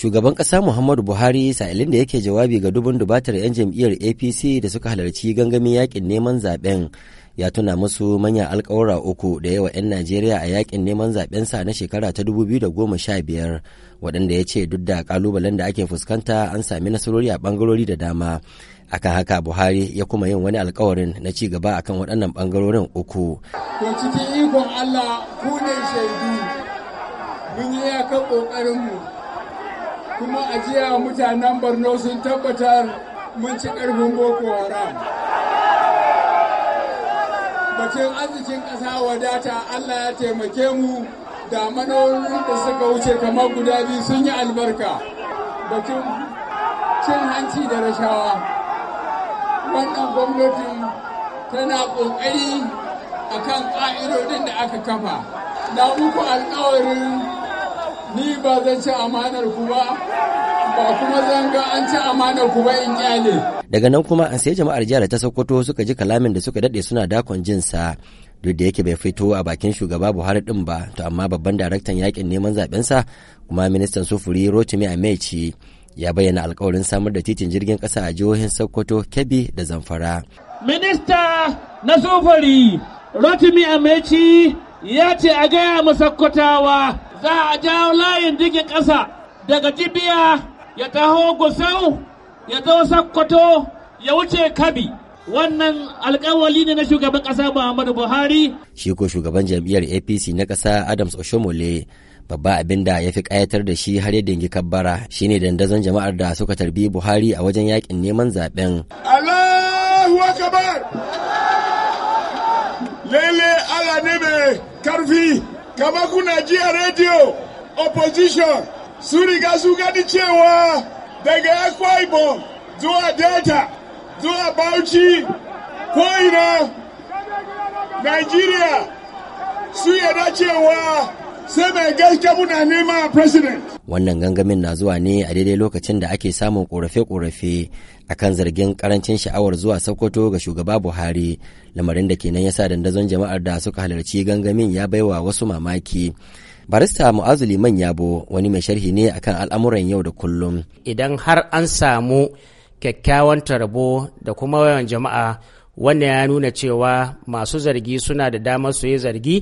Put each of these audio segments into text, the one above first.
shugaban ƙasa muhammadu buhari sa'ilin da yake jawabi ga dubun dubatar 'yan jam'iyyar apc da suka halarci gangamin yakin neman zaben ya tuna musu manyan alkawura uku da yawa 'yan najeriya a yakin neman sa na shekara ta 2015 waɗanda ya ce duk da ƙalubalen da ake fuskanta an sami nasarori a ɓangarori da dama akan haka buhari ya kuma yin wani alkawarin na ci gaba akan waɗannan ɓangarorin uku cikin ikon allah ku ne shaidu mun yi ƙoƙarinmu kuma a jiya mutanen borno sun tabbatar mun ci ƙarfin boko haram batun arzikin ƙasa wadata allah ya taimake mu da manorin da suka wuce kamar guda biyu sun yi albarka batun cin hanci da rashawa wannan gwamnati tana ƙoƙari akan ƙa'idodin da aka kafa na muku alƙawarin zan ci amanar ku ba ba kuma zan ga an ci amanar ku ba in kyale daga nan kuma an sai jama'ar jihar ta Sokoto suka ji kalamin da suka dade suna dakon jin sa duk da yake bai fito a bakin shugaba Buhari din ba to amma babban daraktan yakin neman zaben sa kuma ministan sufuri Rotimi Amechi ya bayyana alkawarin samar da titin jirgin kasa a jihohin Sokoto, Kebbi da Zamfara. Minista na sufuri Rotimi Amechi ya ce a gaya ma Sokotawa za a jawo layin jikin ƙasa daga jibiya ya taho gusau ya zo sakkwato ya wuce kabi wannan alkawali ne na shugaban ƙasa muhammadu buhari shi ko shugaban jam'iyyar apc na ƙasa adams oshomole babba abin da ya fi kayatar da shi har ya dangi kabbara shine dandazon jama'ar da suka tarbi buhari a wajen yakin neman zaben allahu ne mai karfi kama kuna ji radio opposition su riga su gani cewa daga akwa ibom zuwa delta zuwa bauchi ko'ina nigeria su yada cewa sai mai gaske muna nema president wannan gangamin na zuwa ne a daidai lokacin da ake samun korafe-korafe a kan zargin karancin sha'awar zuwa sokoto ga shugaba buhari lamarin da kenan ya sa dandazon jama'ar da suka halarci gangamin ya baiwa wasu mamaki barista mu'azu liman yabo wani mai sharhi ne akan al'amuran yau da kullum idan har an samu kyakkyawan tarbo da kuma yawan jama'a wannan ya nuna cewa masu zargi suna da damar su yi zargi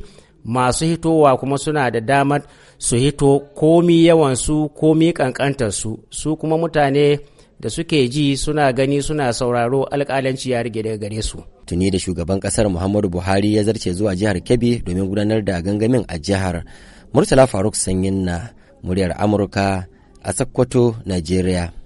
masu hitowa kuma suna da damar su hito komi yawansu komi kankantarsu su kuma mutane da suke ji suna gani suna sauraro alkalanci ya rige daga gare su. Tuni da shugaban kasar Muhammadu Buhari ya zarce zuwa jihar Kebbi domin gudanar da gangamin a jihar. Murtala Faruk Sanyin na muryar Amurka a Sokoto, Najeriya.